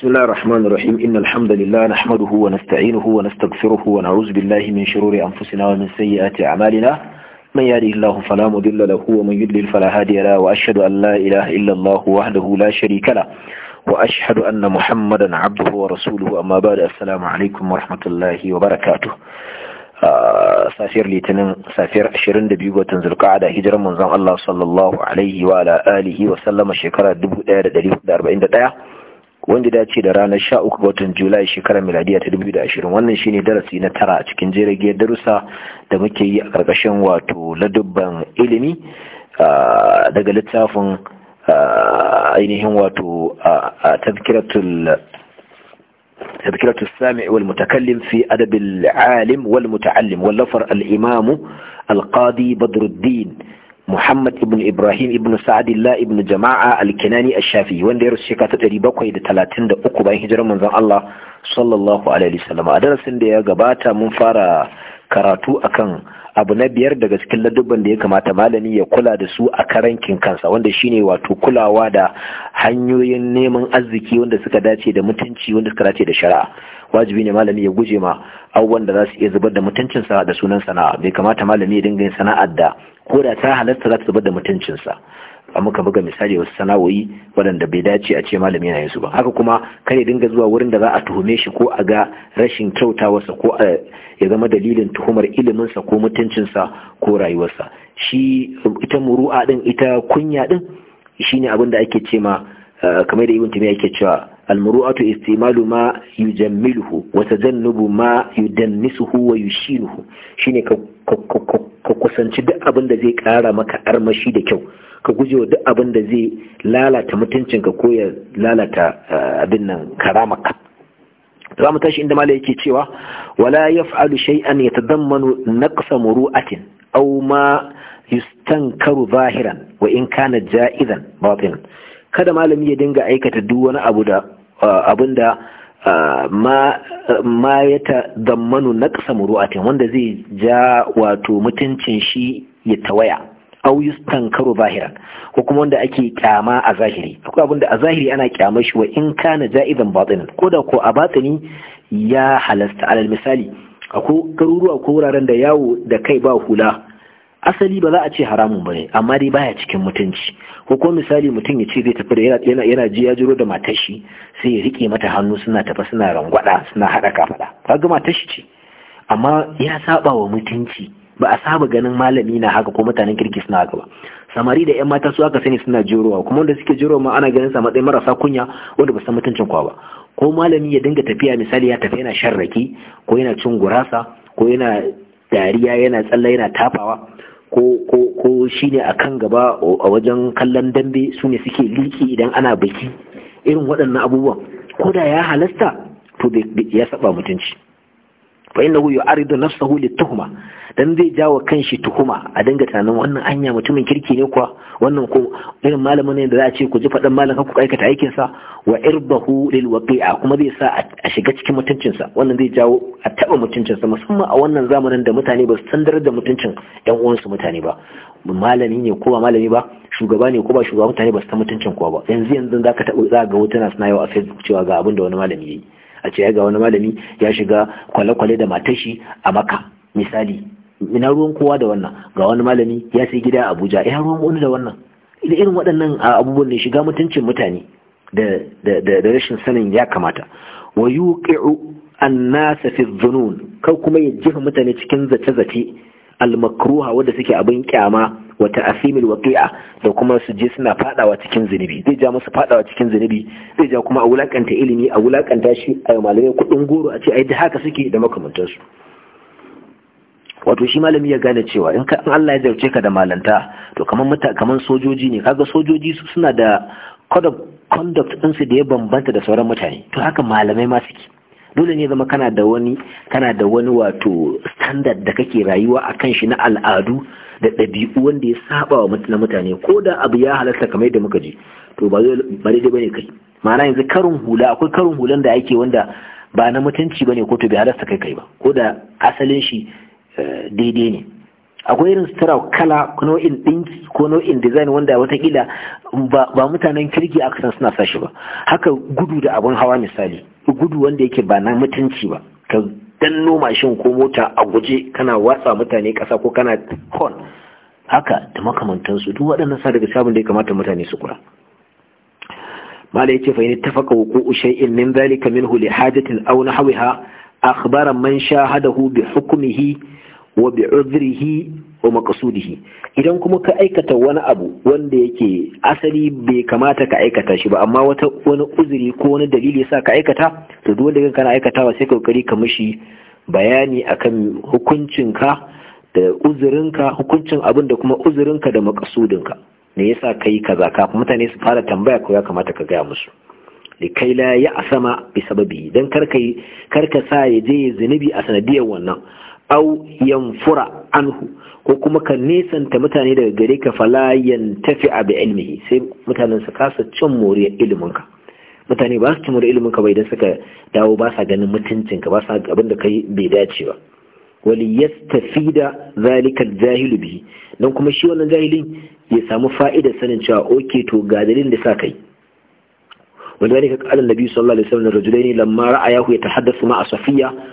بسم الله الرحمن الرحيم إن الحمد لله نحمده ونستعينه ونستغفره ونعوذ بالله من شرور أنفسنا ومن سيئات أعمالنا من يهده الله فلا مضل له ومن يضلل فلا هادي له وأشهد أن لا إله إلا الله وحده لا شريك له وأشهد أن محمدا عبده ورسوله أما بعد السلام عليكم ورحمة الله وبركاته safiyar litinin safiyar 22 watan zulqa'ada hijirar manzon Allah sallallahu alaihi wa ala alihi wa sallama shekara 1441 wanda dace da ranar 13 ga watan Julai shekarar miladiya ta 2020 wannan shine darasi na tara a cikin jirage darussa da muke yi a karkashin wato ladubban ilimi daga littafin ainihin wato tazkiratul fi السامع والمتكلم في أدب العالم والمتعلم al imamu al qadi badruddin Muhammad ibn Ibrahim ibn Sa'adillah ibn Jama'a al-Kinani al shafi wanda ya rasu talatin ta uku bayan hijirar manzon Allah sallallahu alaihi wasallam a darasin da ya gabata mun fara karatu akan abu na biyar daga cikin ladubban da ya kamata malami ya kula da su a karankin kansa wanda shine wato kulawa da hanyoyin neman arziki wanda suka dace da mutunci wanda suka dace da shari'a wajibi ne malami ya guje ma abubuwan da za su iya zubar da mutuncinsa da sunan sana'a bai kamata malami ya dinga yin sana'ar da ko da ta halatta za ta zubar da mutuncinsa a muka buga misali wasu sana'o'i waɗanda bai dace a ce malami yana su ba haka kuma kar ya dinga zuwa wurin da za a tuhume shi ko a ga rashin kyautawarsa ko ya zama dalilin tuhumar iliminsa ko mutuncinsa ko rayuwarsa shi ita muru'a din ita kunya din shine abin da ake ce ma eh, kamar da ibn tumiya yake cewa المروءة استعمال ما يجمله وتجنب ما يدنسه ويشينه شيني ka kusanci duk abin da zai kara maka armashi da kyau ka guje wa duk abin da zai lalata mutuncinka ko ya lalata abin nan karamaka za mu tashi inda mala yake cewa wala yaf'alu shay'an yatadammanu naqsa muru'atin auma ma Karu zahiran wa in kana ja'izan batinan kada malami ya dinga aikata duk wani abu da abinda ma ya ta zammanu na ƙasa muru'atin wanda zai ja wato mutuncin shi ya tawaya au karo zahiran ko kuma wanda ake kyama a zahiri akwai abinda a zahiri ana kyama shi wa in kana ja'idan batsinin ko da ko a batsini ya halasta alal misali akwai garuruwa ko wuraren da yawo da kai ba hula asali ba za a ce haramun ba ne, amma dai baya cikin mutunci ko ko misali mutum ya ce zai tafi da yana yana ji ya jiro da matar shi sai ya rike mata hannu suna tafa suna rangwada suna hada kafada kaga matar shi ce amma ya saba wa mutunci ba a saba ganin malami na haka ko mutanen kirki suna haka ba samari da yan mata su aka sani suna jerowa kuma wanda suke jerowa ma ana ganin sa matsayin marasa kunya wanda ba san mutuncin kwa ba ko malami ya dinga tafiya misali ya tafi yana sharraki ko yana cin gurasa ko yana dariya yana tsalle yana tafawa ko shi ne a kan gaba a wajen kallon dambe su ne suke liki idan ana baki irin waɗannan abubuwan ko da ya halasta to ya saba mutunci fa innahu yu'aridu nafsahu lit-tuhma dan zai jawo kanshi tuhuma a dinga tunanin wannan anya mutumin kirki ne kuwa wannan ko irin malamin ne da za a ce ku ji faɗan malam ka ku aikata aikin sa wa irbahu lil waqi'a kuma zai sa a shiga cikin mutuncin sa wannan zai jawo a taba mutuncin sa musamman a wannan zamanin da mutane ba su san da mutuncin yan uwansu mutane ba malami ne ko ba malami ba shugaba ne ko ba shugaba mutane ba su san mutuncin kuwa ba yanzu yanzu ka taɓa za ga hotuna suna yawa a Facebook cewa ga abin da wani malami yi a ce ga wani malami ya shiga kwale-kwale da matashi a maka misali ina ruwan kowa da wannan ga wani malami ya sai gida abuja ya ruwan wani da wannan irin waɗannan abubuwan ne shiga mutuncin mutane da rashin sanin ya kamata wa yuqi'u an-nasa fi zunun kai kuma ya jefa mutane cikin zace-zace al wadda suke abin kyama wata asimil waƙi'a da kuma su je suna fadawa cikin zunubi zai ja musu faɗawa cikin zunubi zai ja kuma a wulaƙanta ilimi a wulaƙanta shi a malamai kudin goro a ce ai da haka suke da makamantansu wato shi malami ya gane cewa in Allah ya zarce ka da malanta to kaman kaman sojoji ne kaga sojoji su suna da code of conduct ɗinsu da ya bambanta da sauran mutane to haka malamai ma suke dole ne zama kana da wani kana da wani wato standard da kake rayuwa akan kan shi na al'adu da ɗabi'u wanda ya saba wa na mutane ko da abu ya halarta kamar yadda muka ji to ba zai ba daidai bane kai ma'ana yanzu karin hula akwai karin hulan da ake wanda ba na mutunci bane ko to bai halarta kai kai ba ko da asalin shi daidai ne akwai irin sutura kala ko nau'in ɗinki ko nau'in design wanda watakila ba mutanen kirki aka san suna sashi ba haka gudu da abin hawa misali gudu wanda yake ba na mutunci ba ka noma mashin ko mota a guje kana watsa mutane ƙasa ko kana horn haka da makamantansu duk waɗannan sa daga sabon da ya kamata mutane su kura mala yace fa in ittafaqa wuqu'u shay'in min dhalika minhu li hajatin aw nahwiha akhbara man shahadahu bi hukmihi wa bi udrihi wa maqsudihi idan kuma ka aikata wani abu wanda yake asali bai kamata ka aikata shi ba amma wata wani uzuri ko wani dalili yasa ka aikata to duk wanda kana aikatawa sai ka kokari ka mishi bayani akan hukuncinka da uzurinka hukuncin abin da kuma uzurinka da maqsudinka ne yasa kai kaza kafin mutane su fara tambaya ko ya kamata ka gaya musu kai la ya asama bi sababi dan karka karka sa ya je zunubi a sanadiyar wannan au yanfura anhu ko kuma ka nesanta mutane daga gare ka fala a bi ilmihi sai mutanen su kasa cin moriyar ilimin ka mutane ba su cin moriyar ilimin ka bai da suka dawo ba sa ganin mutuncin ka ba sa abin da kai bai dace ba wali yastafida zalika jahilu bihi dan kuma shi wannan jahilin ya samu fa'idar sanin cewa oke to ga dalilin da sa kai ولذلك ka النبي nabi sallallahu alaihi wasallam rajulaini ya ra'ayahu yatahaddathu ma'a Safiyya?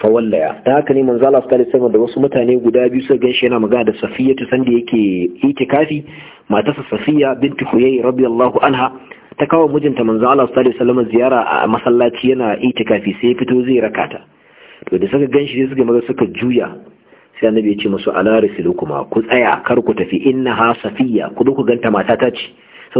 fawallaya ta haka ne manzo Allah sallallahu da wasu mutane guda biyu suka ganshi yana magana da Safiya ta sanda yake itikafi matarsa Safiya binti Huyay radiyallahu anha ta kawo mijinta manzo Allah sallallahu alaihi ziyara a masallaci yana itikafi sai fito zai rakata to da suka ganshi sai suka maza suka juya sai annabi ya ce musu ala kuma ku tsaya kar ku tafi innaha Safiya ku duku ku ganta mata ta ce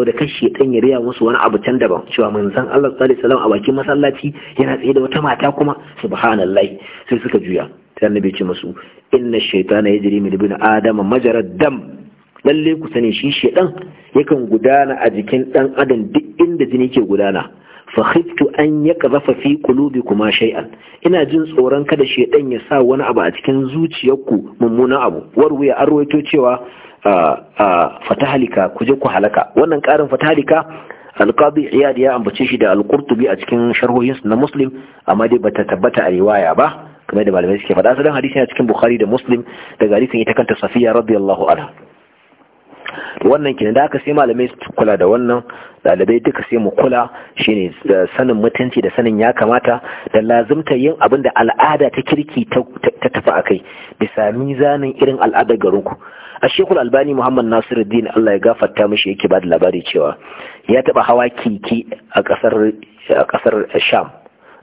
da kashi ɗan ya riya musu wani abu can daban cewa manzan Allah sallallahu alaihi a bakin masallaci yana tsaye da wata mata kuma subhanallahi sai suka juya sai annabi ce musu inna shaytana yajri min ibn adama majra dam lalle ku sani shi shedan yakan gudana a jikin dan adam duk inda jini ke gudana fa khiftu an yaqzafa fi kuma shay'an ina jin tsoron kada shedan ya sa wani abu a cikin zuciyarku mummunan abu warwaya an cewa fatahalika ku je ku halaka wannan ƙarin fatahalika alqadi iyad ya ambace shi da alqurtubi a cikin sharhohinsu na muslim amma dai bata tabbata a riwaya ba kamar da malamai suke faɗa sadan hadisi a cikin bukhari da muslim daga hadisin ita kanta safiya radiyallahu anha wannan kenan da aka sai malamai su kula da wannan dalibai duka sai mu kula shine sanin mutunci da sanin ya kamata da lazimta yin abin da al'ada ta kirki ta tafi a kai bisa mizanin irin al'adar garinku a shekul albani muhammad Nasiru, nasiruddin allah ya gafarta mishi yake ba da labari cewa ya taba hawa kiki a kasar sham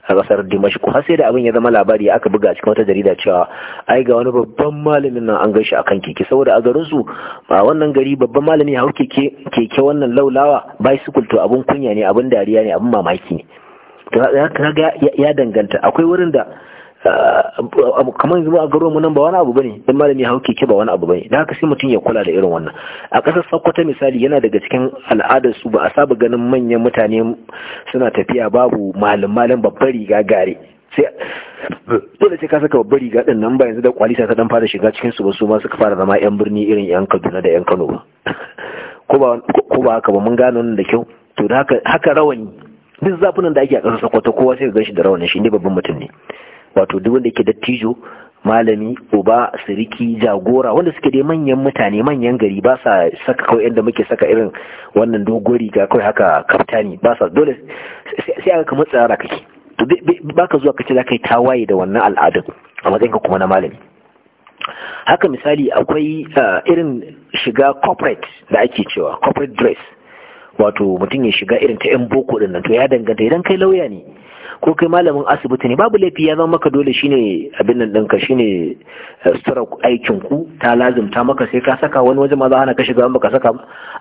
a kasar dimashiku har sai da abin ya zama labari aka buga cikin wata jarida cewa ai ga wani babban malamin nan an gaishe akan keke saboda a garin su a wannan gari babban malami ya hau keke wannan laulawa bicycle to abun kunya ne abun dariya ne abun mamaki ne to ya danganta akwai wurin da kamar yanzu a garuwan nan ba wani abu bane dan malami ya hau keke ba wani abu bane da haka sai mutum ya kula da irin wannan a ƙasar Sokoto misali yana daga cikin al'adar su ba a saba ganin manyan mutane suna tafiya babu malam malam babbar riga gare sai dole sai ka saka babbar riga din nan ba yanzu da kwalisa ta dan fara shiga cikin su ba su ma suka fara zama yan birni irin yan Kaduna da yan Kano ba ko ba haka ba mun gano nan da kyau to da haka haka rawani duk zafunan da ake a ƙasar Sokoto kowa sai ga shi da rawanin shi ne babban mutum ne wato duk wanda yake dattijo malami uba siriki jagora wanda suke dai manyan mutane manyan gari ba sa saka kawai yadda muke saka irin wannan dogon riga kawai haka kaftani ba sa dole sai aka kamar tsara kake to ba ka zuwa kace za ka yi tawaye da wannan al'adun a ka kuma na malami haka misali akwai eh, irin shiga corporate da ake cewa corporate dress wato mutum ya shiga irin ta 'yan boko din nan to ya danganta idan kai lauya ne ko kai malamin asibiti ne babu laifi ya zama maka dole shine abin nan ɗinka shine eh, sutura aikin ku ta lazimta maka sai ka saka wani wajen ma za ana ka shiga baka saka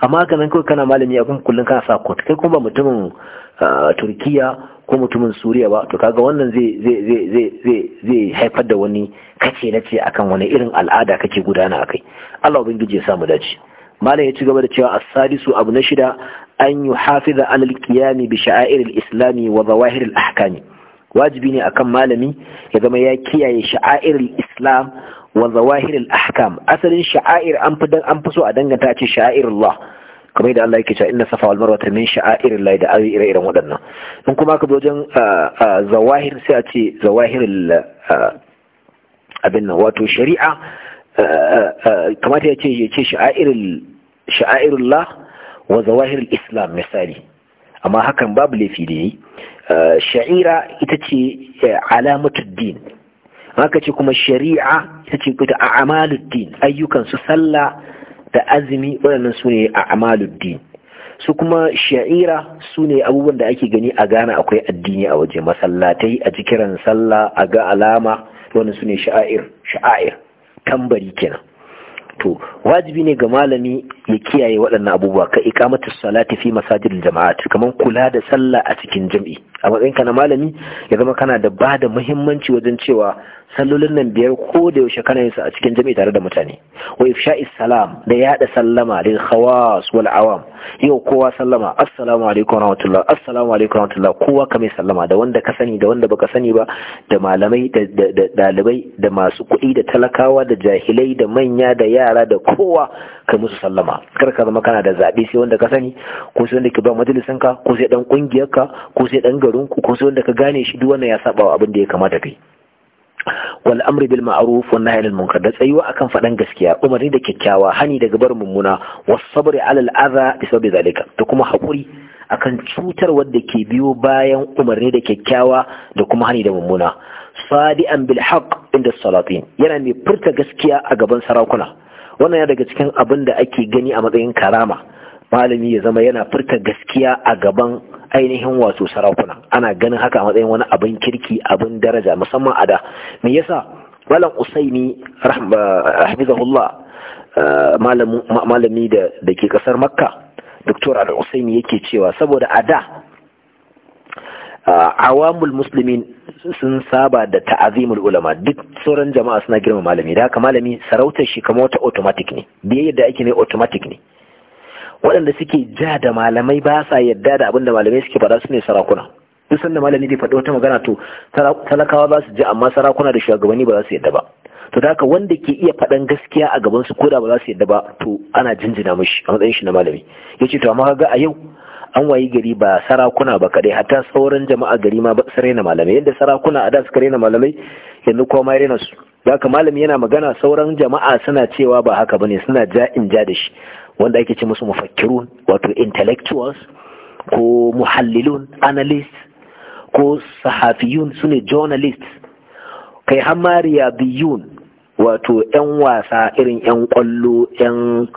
amma haka nan kawai kana malami abin kullum kana sa kot kai kuma ba mutumin eh, turkiya ko mutumin suriya ba to kaga wannan zai zai zai zai haifar da wani kace na ce akan wani irin al'ada kake gudana akai Allah ubangiji ya samu dace malam ya ci gaba da cewa as-sadisu abu na shida an yuhafiza alal qiyami bi sha'airil islami wa zawahiril ahkami wajibi ne akan malami ya zama ya kiyaye sha'airil islam wa zawahiril ahkam asalin sha'air an fi an fi so a danganta a ce sha'airullah kamar yadda Allah yake cewa inna safa wal marwa min sha'airillahi da ayi ire-iren waɗannan in kuma ka wajen zawahir sai a ce zawahiril abin nan wato shari'a kamata ya ce ya ce sha'airul sha'airullah wa zawahir islam misali amma hakan babu laifi da yi uh, sha'ira ita ce uh, din. haka ce kuma shari'a ita ce kuta a'maluddin ayyukan su sallah da azumi waɗannan su ne din su kuma sha'ira sune abubuwan da ake gani a gane akwai addini a waje masallatai a jikiran sallah a ga alama wannan su ne sha'air sha'air tambari kenan to wajibi ne ga malami ya kiyaye waɗannan abubuwa ka ikamatu salati fi masajid jama'at kaman kula da sallah a cikin jami'i. a matsayin ka na malami ya zama kana da bada muhimmanci wajen cewa sallolin nan biyar ko da yaushe kana yin su a cikin jami'i tare da mutane wa ifsha'is salam da yada sallama lil khawas wal awam yau kowa sallama assalamu alaikum warahmatullah assalamu alaikum warahmatullah kowa ka mai sallama da wanda ka sani da wanda baka sani ba da malamai da dalibai da masu kuɗi da talakawa da jahilai da manya da yara da kowa ka musu sallama kar ka zama kana da zabi sai wanda ka sani ko sai wanda ke ba ka, ko sai dan ka, ko sai dan ku, ko sai wanda ka gane shi duk wannan ya saba abin da ya kamata kai wal'amri bil ma'aruf wan nahyi munkar da tsayuwa akan faɗan gaskiya umarni da kyakkyawa hani daga gabar mummuna wasu sabri ala al adha bi zalika da kuma hakuri akan cutar wadda ke biyo bayan umarni da kyakkyawa da kuma hani da mummuna sadi'an bil haqq inda salatin yana mai furta gaskiya a gaban sarakuna wannan ya daga cikin abin da ake gani a matsayin karama malami ya zama yana furta gaskiya a gaban ainihin wato sarakuna ana ganin haka a matsayin wani abin kirki abin daraja musamman a da me yasa malam usaini rahimahullah eh, malami da ke kasar makka doktor al-usaini yake cewa saboda a da eh, awamul muslimin sun saba da ta'azimul ulama duk sauran jama'a suna girma malami da haka malami sarautar shi kamar wata automatic ne biyayyar da ake mai automatic ne waɗanda suke ja da malamai ba sa yadda da abin da malamai suke faɗa su ne sarakuna duk sanda malami zai faɗi wata magana to talakawa za su ji amma sarakuna da shugabanni ba za su yadda ba to da haka wanda ke iya faɗan gaskiya a gaban su ko da ba za su yadda ba to ana jinjina mishi a matsayin shi na malami ce to amma kaga a yau an wayi gari ba sarakuna ba kadai hatta sauran jama'a gari ma su raina malamai yadda sarakuna a da suka raina malamai yanzu ko ma raina su haka malami yana magana sauran jama'a suna cewa ba haka ba ne suna ja in ja da shi wanda ake ce musu mafakirun wato intellectuals ko muhallilun analysts ko sahafiyun su ne journalists kai hama biyun wato 'yan wasa irin 'yan kwallo 'yan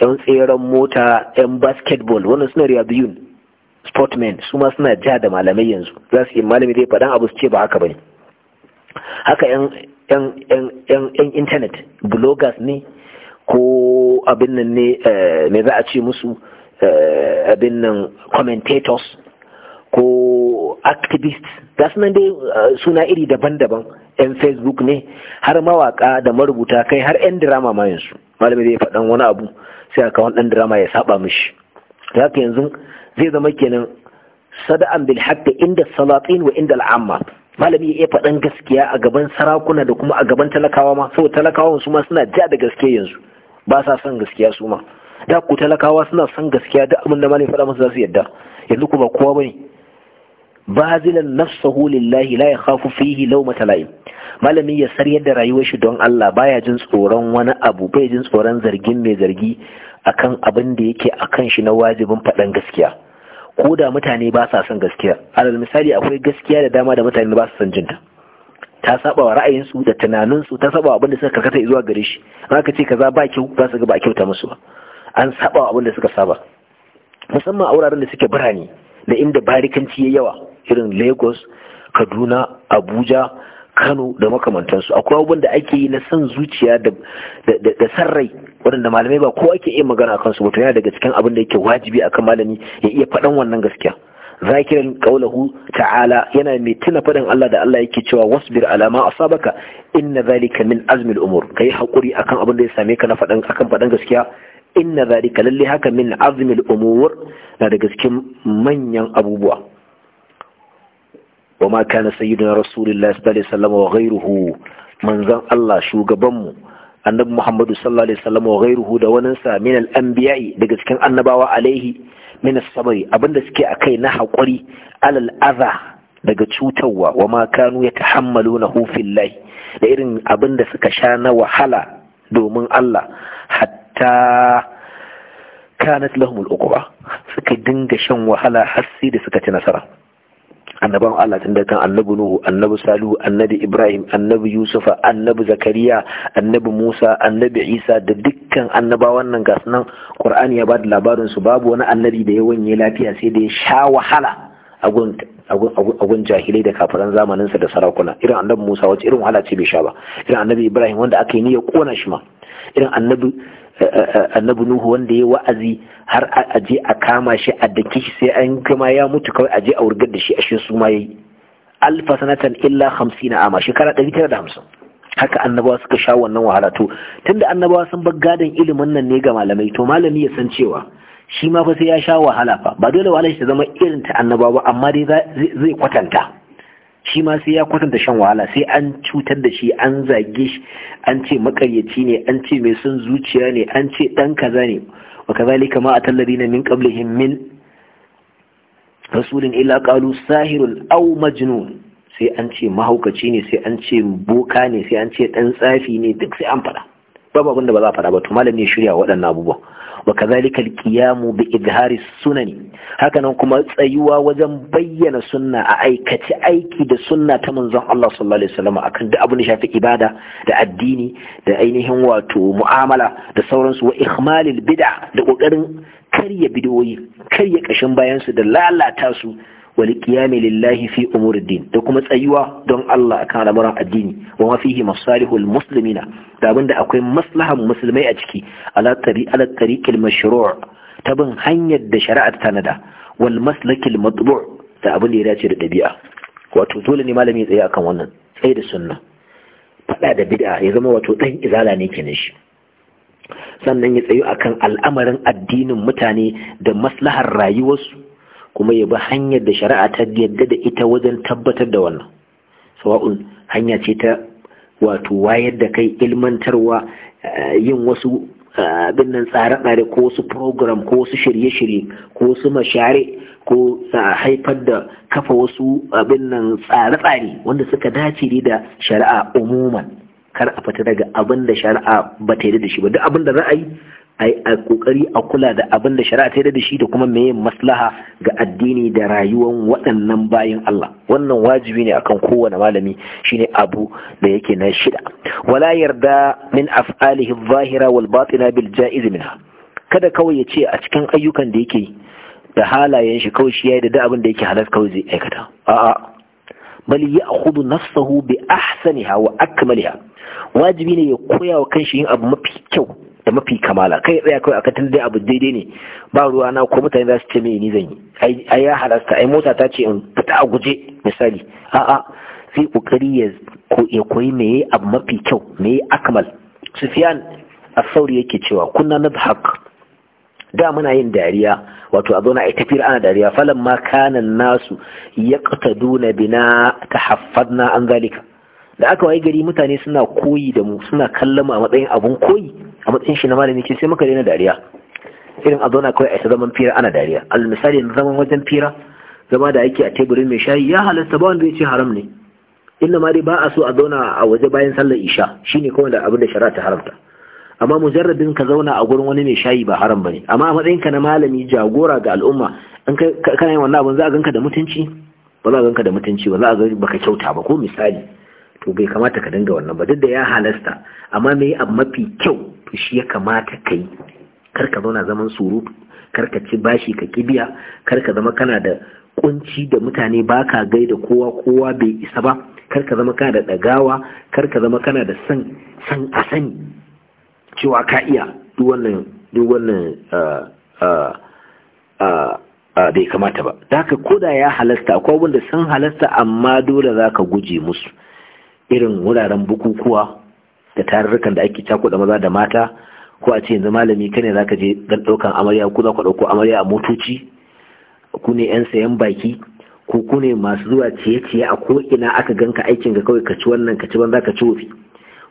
yan tseren mota yan basketball wannan suna biyun. sportmen su ma suna ja da malamai yanzu za su yi malami zai faɗan abu su ce ba haka bane haka yan yan yan yan internet bloggers ne ko abin nan ne eh, me za a ce musu eh, abin nan commentators ko activists gasu nan dai eh, suna iri daban-daban 'yan facebook ne har mawaka da marubuta kai har 'yan drama ma yanzu malami zai faɗan wani abu sai aka wani ɗan drama ya saba mishi haka yanzu zai zama kenan sada'an bil da inda salatin wa inda al'amma malami ya faɗan gaskiya a gaban sarakuna da kuma a gaban talakawa ma saboda talakawa su ma suna ja da gaske yanzu ba sa son gaskiya su ma da ku talakawa suna son gaskiya da abin da malin faɗa musu za su yadda yanzu ku ba kowa bane bazilan nafsahu lillahi la yakhafu fihi lawmata la'im malami ya saryar da rayuwar shi don Allah baya jin tsoron wani abu bai jin tsoron zargin mai zargi akan abin da yake kan shi na wajibin faɗan gaskiya ko da mutane ba sa son gaskiya alal misali akwai gaskiya da dama da mutane ba su son jinta ta saba wa ra'ayinsu da tunaninsu ta saba abin da suka karkata zuwa gare shi za ka ce ka za ba kyau za su ga ba kyauta musu ba an saba wa abin suka saba musamman a wuraren da suke birane da inda barikanci ya yawa irin lagos kaduna abuja kano da makamantansu akwai abubuwan da ake yi na san zuciya da san rai waɗanda malamai ba ko ake iya magana a kansu ba to yana daga cikin abin da yake wajibi akan malami ya iya faɗan wannan gaskiya zakirin qaulahu ta'ala yana mai tuna faɗin Allah da Allah yake cewa wasbir alama ma asabaka inna zalika min azmil umur kai hakuri akan abin da ya same ka na faɗan akan faɗan gaskiya inna zalika lalle haka min azmil umur na daga cikin manyan abubuwa wa كان سيدنا رسول الله صلى الله عليه وسلم وغيره من زن الله annabi Muhammadu sallallahu alaihi wasallam wa ghairuhu da waninsa min al-anbiya'i daga cikin annabawa alaihi min sabari abinda suke akai na haƙuri alal aza daga cutarwa wa ma kanu na hufin la'i, da irin abinda suka sha na wahala domin Allah hatta kanat lahum al suka dinga shan wahala har sai da suka ci nasara annaban Allah tun da kan annabi Nuhu annabi Salihu annabi Ibrahim annabi Yusufa annabi Zakariya annabi Musa annabi Isa da dukkan annaba nan gasu nan Qur'ani ya ba da labarin su babu wani annabi da ya wanye lafiya sai da ya sha wahala a gun jahilai da kafiran zamaninsa da sarakuna irin annabi Musa wacce irin wahala ce bai sha ba irin annabi Ibrahim wanda aka yi ya kona shi ma irin annabi eh, eh, eh, Nuhu wanda ya wa'azi har a je a kama shi a daki shi sai an kama ya mutu kawai a a wurgar da shi a shi su ma yayi alfa sanatan illa 50 ama shekara 950 haka annabawa suka sha wannan wahala to tunda annabawa sun bar gadon ilimin nan ne ga malamai to malami ya san cewa shi ma fa sai ya sha wahala fa ba dole wahala shi ta zama irin ta annabawa ba amma dai zai kwatanta shi ma sai ya kwatanta shan wahala sai an cutar da shi an zage shi an ce makaryaci ne an ce mai son zuciya ne an ce dan kaza ne وكذلك ما أتى الذين من قبلهم من رسول إلا قالوا ساهر أو مجنون sai an ce mahaukaci ne sai an ce boka ne sai an ce ɗan tsafi ne duk sai an faɗa babu abin da ba za a faɗa ba to malam ne shirya waɗannan abubuwa. wa kazalika alqiyamu bi idhari sunani hakanan kuma tsayuwa wajen bayyana sunna a aikace aiki da sunna ta manzon Allah sallallahu alaihi wasallam duk abin da shafi ibada da addini da ainihin wato mu'amala da sauransu wa ihmalil bid'a da ƙoƙarin karya bidiyoyi karya ƙashin bayansu, da lalata su wa liqiyami lillahi fi umur din da kuma tsayuwa don Allah akan al'amuran addini wa ma fihi masalihul muslimina da abinda akwai maslahan musulmai a ciki ala tari ala tariqil mashru' ta bin hanyar da shari'a ta tanada wal maslakil matbu' da abin da ya dace da dabi'a wato dole ne malami ya tsaya akan wannan sai da sunna fada da bid'a ya zama wato dan izala ne kenan shi sannan ya tsayu akan al'amarin addinin mutane da maslahar rayuwarsu kuma ya bi hanyar da shari'a ta yadda da ita wajen tabbatar da wannan sawa'un hanya ce ta wato wayar da kai ilmantarwa eh, yin wasu eh, abin nan tsare-tsare ko wasu program ko wasu shirye-shirye ko wasu mashare ko eh, haifar da kafa wasu abin nan tsare-tsare wanda suka dace da shari'a umuman kar a fita daga abin da shari'a ba ta yi da shi ba duk abin da za a yi a kokari a kula da abin da shari'a ta da shi da kuma mai maslaha ga addini da rayuwar waɗannan bayan Allah wannan wajibi ne akan kowane malami shine abu da yake na shida wala yarda min af'alihi zahira wal batina bil ja'iz minha kada kawai ya ce a cikin ayyukan da yake da halayen shi kawai shi yayi da abin da yake halas kawai zai aikata a'a bal ya'khudhu nafsahu bi ahsaniha wa akmaliha wajibi ne ya koya wa kanshi yin abu mafi kyau da mafi kamala kai tsaya kawai aka tun dai abu daidai ne ba ruwa na ko mutane za su ce mai ni zan yi ai ya halasta ai mota ta ce in fita a guje misali a'a sai kokari ya ya koyi me abu mafi kyau me akmal sufyan as-sauri yake cewa kunna nadhak da muna yin dariya wato a zauna a tafir ana dariya falan ma kanan nasu yaqtaduna bina tahaffadna an zalika da aka wayi gari mutane suna koyi da mu suna kallon a matsayin abun koyi a matsayin shi na malami ce sai muka daina dariya irin a zauna kawai a isa zaman fira ana dariya al misali na zaman wajen fira zama da ake a teburin mai shayi ya halatta ba wanda ya ce haram ne inda ma dai ba a so a zauna a waje bayan sallar isha shine kuma da abin da shari'a ta haramta amma mujarradin ka zauna a gurin wani mai shayi ba haram bane amma a matsayin ka na malami jagora ga al'umma in kai kana yin wannan abin za a ganka da mutunci ba za a ganka da mutunci ba za a ga baka kyauta ba ko misali to bai kamata ka dinga wannan ba duk da ya halasta amma me abu mafi kyau to shi ya kamata ka yi. kar ka zauna zaman surutu kar ka ci bashi ka kibiya kar ka zama kana da kunci da mutane ba ka gai da kowa kowa bai isa ba kar ka zama kana da dagawa kar ka zama kana da san san sani cewa ka iya duk wannan duk wannan ah, ah, ah, bai kamata ba da haka koda ya halasta akwai wanda sun halasta amma dole za ka guje musu irin wuraren bukukuwa da tarurrukan da ake cakuɗa maza da mata ko a ce yanzu malami kane za ka je dan ɗaukan amarya ko za ku ɗauko amarya a motoci ku ne 'yan sayan baki ko ku ne masu zuwa ciye-ciye a koina ina aka ganka aikin ka kawai ka ci wannan ka ci banza ka ci wofi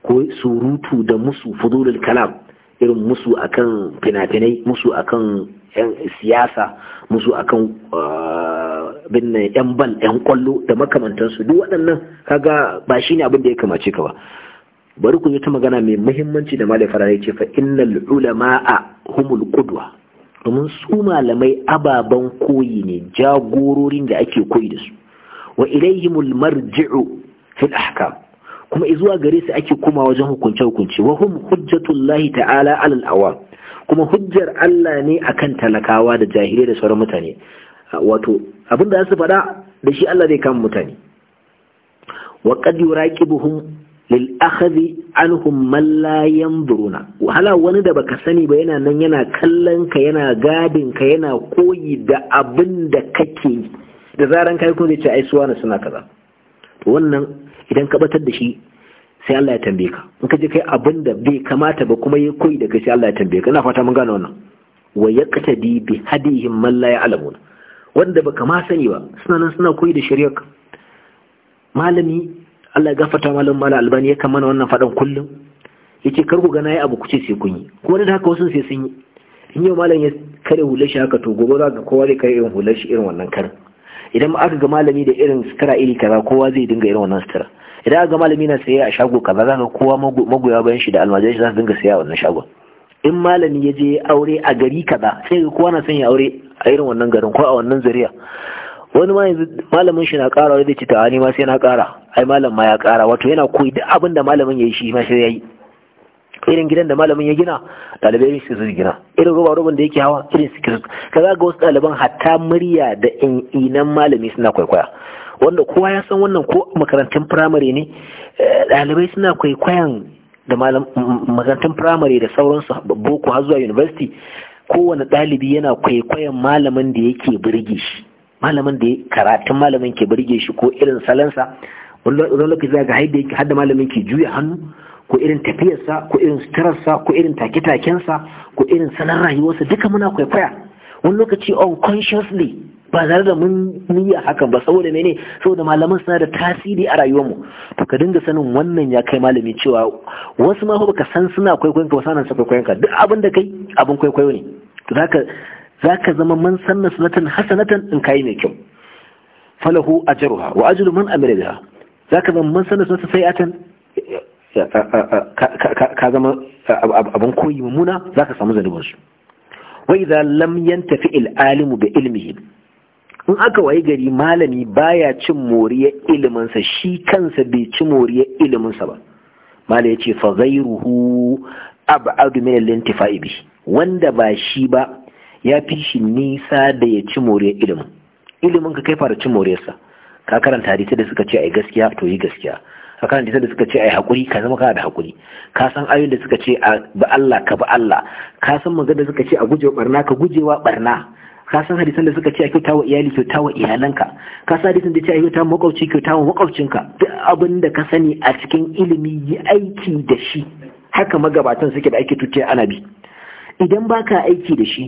ko surutu da musu fudulul kalam irin musu akan fina-finai musu akan Yan siyasa musu akan ah, binne yan bal yan kwallo da makamantansu duk waɗannan kaga ba shi ne abin da ya kamace ka ba bari ku yi ta magana mai muhimmanci da malai farare ce fa innal a humul qudwa domin su malamai ababen koyi ne jagororin da ake koyi da su wa ilaihimul marji'u fil ahkam kuma izuwa gare su ake koma wajen hukunce hukunce wa hum hujjatullahi ta'ala alal awam kuma hujjar Allah ne akan talakawa da jahilai da sauran mutane wato abin da su faɗa da shi Allah zai kama mutane wa qad yuraqibuhum lil akhdhi anhum man la yanzuruna wahala wani da baka sani ba yana nan yana kallon ka yana gadin ka yana koyi da abin da kake da zaran kai kuma zai ce ai suwana suna kaza to wannan idan ka batar da shi sai Allah ya tambaye ka in ka je kai abin da bai kamata ba kuma ya koyi da kai sai Allah ya tambaye ka ina fata mun gane wannan wa yaqtadi bi hadihim man la ya'lamun wanda ba kama sani ba suna nan suna koyi da shari'ar malami Allah ya gafarta malam mala albani ya kamana wannan fadan kullum yace kar ku ga nayi abu kuce sai kun yi kuma da haka wasu sai sun yi in yau malam ya kare hular shi haka to gobe za ka kowa zai kare irin hular shi irin wannan karin idan aka ga malami da irin sutura iri kaza kowa zai dinga irin wannan sutura idan ga malami na saye a shago kaza za ka kowa magoya bayan shi da almajiran shi za su dinga saya a wannan shagon in malami ya je aure a gari kaza sai ga kowa na son ya aure a irin wannan garin ko a wannan zariya wani ma yanzu malamin shi na ƙara wani zai cita ni ma sai na ƙara ai malam ma ya ƙara wato yana koyi da abin da malamin ya yi shi ma sai ya yi irin gidan da malamin ya gina ɗalibai su su gina irin roba roban da yake hawa irin su kaza ga wasu ɗaliban hatta murya da inan malami suna kwaikwaya wanda kowa ya san wannan ko makarantun firamare ne eh, ɗalibai suna kwaikwayon da makarantun firamare da sauransu boko har zuwa university kowane ɗalibi yana kwaikwayon malamin da yake birge shi malamin da karatun malamin ke birge shi ko irin salansa wani lokaci za ga da malamin ke juya hannu ko irin tafiyarsa ko irin suturarsa ko irin take-takensa ko irin salon rayuwarsa duka muna kwaikwaya wani lokaci unconsciously ba tare da mun niyya hakan ba saboda mene saboda malaman suna da tasiri a rayuwarmu to ka dinga sanin wannan ya kai malami cewa wasu ma baka san suna kwaikwayon ka ba sanan sa kwaikwayon ka duk abin da kai abin kwaikwayo ne to zaka zaka zama man sanna sunatan hasanatan in kai mai kyau falahu ajruha wa ajru man amila biha zaka zama man sanna sunatan sayi'atan ka zama abin koyi mummuna zaka samu zanubin su wa idza lam yantafi al alimu bi ilmihi in aka wayi gari malami baya cin moriyar iliminsa shi kansa bai ci moriyar iliminsa ba mala ya ce fa ghairuhu ab'adu min al-intifa'i bi wanda ba shi ba ya fi shi nisa da ya ci moriyar ilimin ilimin ka kai fara cin moriyarsa ka karanta hadisi da suka ce ai gaskiya to yi gaskiya ka karanta hadisi da suka ce ai hakuri ka zama kana da hakuri ka san ayoyin da suka ce ba Allah ka ba Allah ka san magana da suka ce a gujewa barna ka gujewa barna ka san hadisan da suka ce a kyauta wa iyali kyauta wa iyalanka ka san hadisan da ce a kyauta wa makwabci kyauta wa makwabcinka duk abin da ka sani a cikin ilimi yi aiki da shi haka magabatan suke da ake tuce ana bi idan ba ka aiki da shi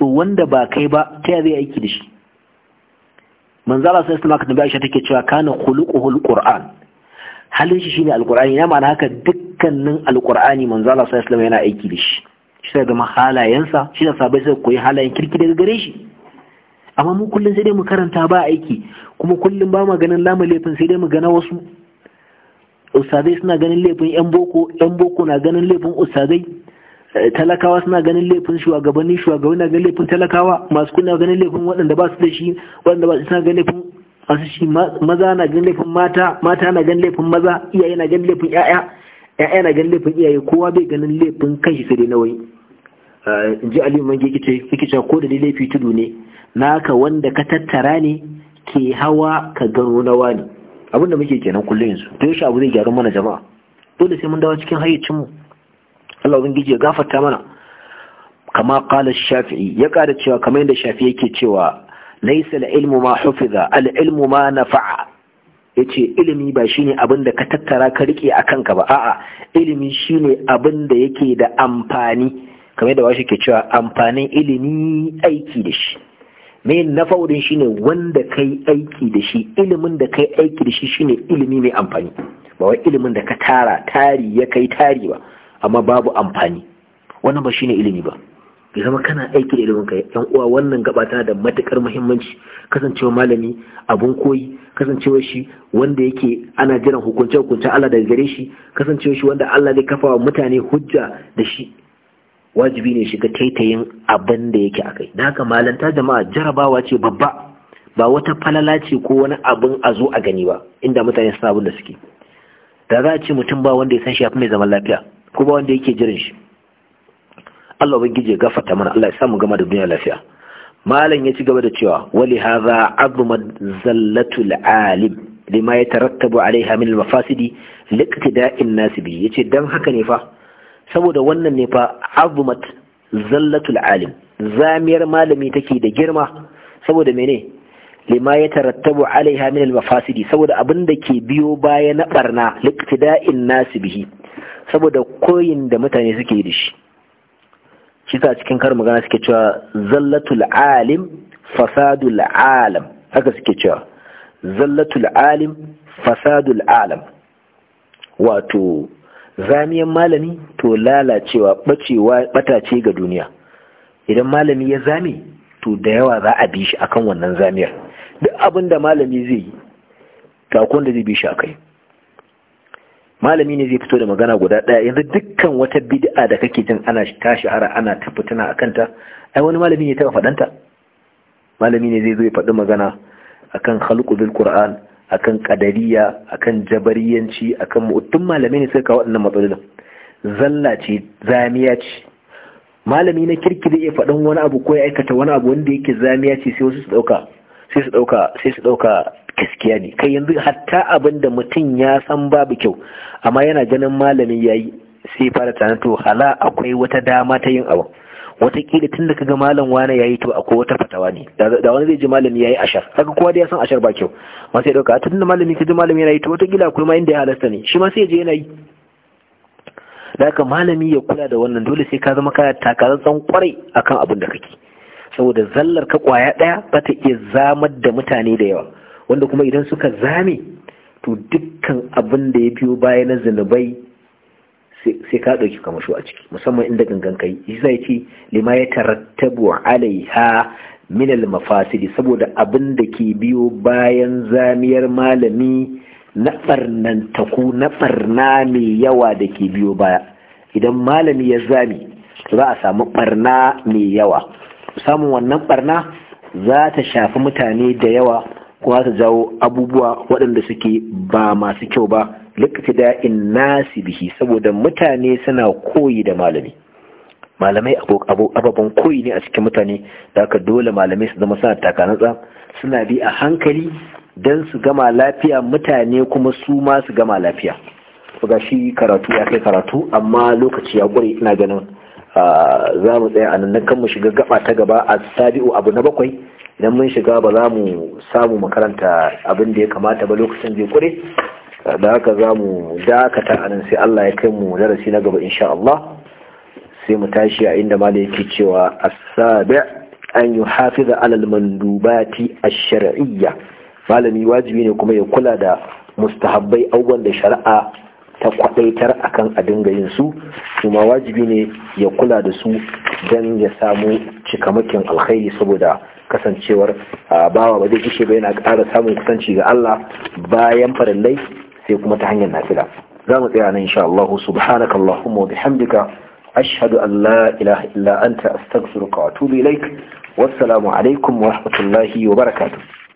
to wanda ba kai ba ta zai aiki da shi Allah sai maka tambaya shi take cewa kana khuluquhul qur'an halin shi shine alqur'ani na ma'ana haka dukkanin alqur'ani Allah sai islam yana aiki da shi sai zama halayensa shi da sabai sai koyi halayen kirki daga gare shi amma mu kullum sai dai mu karanta ba aiki kuma kullum ba ma ganin lamu laifin sai dai mu gana wasu ustazai suna ganin laifin yan boko yan boko na ganin laifin ustazai talakawa suna ganin laifin shugabanni shugabanni na ganin laifin talakawa masu kunna ganin laifin waɗanda ba su da shi waɗanda ba su suna ganin laifin masu shi maza na ganin laifin mata mata na ganin laifin maza iyaye na ganin laifin 'ya'ya 'ya'ya na ganin laifin iyaye kowa bai ganin laifin kanshi sai dai na Eh, in ji aliyu mange yake cewa ko da dai laifi tudu ne naka wanda ka tattara ne ke hawa ka gano na wani abinda muke kenan kullum yanzu to shi abu zai gyaru mana jama'a dole sai mun dawo cikin hayyacin mu Allah ubangiji ya gafarta mana kama qala shafi'i ya kada cewa kamar yadda shafi'i yake cewa laysa al ma hufiza al-ilmu ma nafa'a yace ilimi ba shine abin da ka tattara ka rike a kanka ba a'a ilimi shine abin da yake da amfani kamar da washe ke cewa amfanin ilimi aiki da shi me na faudin shine wanda kai aiki da shi ilimin da kai aiki da shi shine ilimi mai amfani ba wai ilimin da ka tara tari ya kai tari ba amma babu amfani wannan ba shine ilimi ba ya zama kana aiki da ilimin kai. yan uwa wannan gaba tana da matukar muhimmanci kasancewa malami abun koyi kasancewa shi wanda yake ana jiran hukunce hukunce Allah daga gare shi kasancewa shi wanda Allah zai kafa mutane hujja da shi wajibi ne shiga taitayin abin da yake akai da haka malanta jama'a jarabawa ce babba ba wata falala ce ko wani abin a zo a gani ba inda mutane suna abin da suke da za a ce mutum ba wanda ya san shi yafi mai zaman lafiya ko ba wanda yake jiran shi Allah ubangiji ya gafarta mana Allah ya samu gama da duniya lafiya malam ya ci gaba da cewa wali hadha azma zallatul alim lima yatarattabu alaiha min al-mafasidi liqtida'in nasibi yace dan haka ne fa saboda wannan ne fa azumat zallatul alim zamiyar malami take da girma saboda mene lima ya tarattabu alaiha min al-mafasidi saboda abin da ke biyo baya na barna liqtida'in nasu bihi saboda koyin da mutane suke da shi shi ta cikin karin magana suke cewa zallatul alim fasadul alam haka suke cewa zallatul alim fasadul alam wato zamiyan malami to lalacewa bacewa batace ga duniya idan malami ya zame to da yawa za a bi shi akan wannan zamiyar duk abin da malami zai yi takon da zai bi shi kai. malami ne zai fito da magana guda ɗaya yanzu dukkan wata bid'a da kake jin ana ta shahara ana ta akan a ai wani malami ne taɓa faɗanta malami ne zai zo ya faɗi magana akan khalqu bil qur'an akan kadariya akan jabariyanci akan mutum malamai ne suka kawo waɗannan matsalolin zalla ce zamiya ce malami na kirki zai iya faɗin wani abu ko ya aikata wani abu wanda yake zamiya ce sai wasu su ɗauka sai su ɗauka sai su ɗauka gaskiya ne kai yanzu hatta abin da mutum ya san babu kyau amma yana ganin malamin yayi sai fara tana to hala akwai wata dama ta yin abu watakila tun da kaga malam wani yayi to akwai wata fatawa ne da wani zai ji malami yayi ashar kaga kowa da ya san ashar ba kyau ma sai dauka tun da malami kaji malami yana yi to watakila akwai ma inda ya halasta ne shi ma sai je yana yi da haka malami ya kula da wannan dole sai ka zama kana takarantsan kwarai akan abin da kake saboda zallar ka kwaya daya ba ta iya zamar da mutane da yawa wanda kuma idan suka zame to dukkan abin da ya biyo baya na zunubai sai ka ɗauki kamasho a ciki musamman inda gangan kai zai ce lima ya tarattabu alaiha min al-mafasidi saboda abin da ke biyo bayan zamiyar malami na barnantaku na ɓarna mai yawa da ke biyo baya idan malami ya zami za a samu ɓarna mai yawa samun wannan ɓarna za ta shafi mutane da yawa ko za ta jawo abubuwa waɗanda suke ba masu kyau ba liqtida'in nasi bihi saboda mutane suna koyi da malami malamai ababen koyi ne a cikin mutane da aka dole malamai su zama suna takanatsa suna bi a hankali don su gama lafiya mutane kuma su ma su gama lafiya ga shi karatu ya kai karatu amma lokaci ya ƙure ina ganin za mu tsaya a nan kan mu shiga gaba ta gaba a sabi'u abu na bakwai idan mun shiga ba za mu samu makaranta abin da ya kamata ba lokacin zai kure da haka za mu dakata a nan sai Allah ya kai mu darasi na gaba insha Allah sai mu tashi a inda malai yake cewa asabi an yi hafiza alal mandubati ash-shar'iyya malami wajibi ne kuma ya kula da mustahabbai abubuwan da shari'a ta kwadaitar akan a dinga yin su kuma wajibi ne ya kula da su dan ya samu cikamakin alkhairi saboda kasancewar bawa ba zai kishe ba yana ƙara samun kusanci ga Allah bayan farillai sai kuma ta hanyar nafila za mu tsaya nan insha Allah subhanaka Allahumma wa bihamdika ashhadu an la ilaha illa anta astaghfiruka wa atubu ilaik wassalamu alaikum wa rahmatullahi wa barakatuh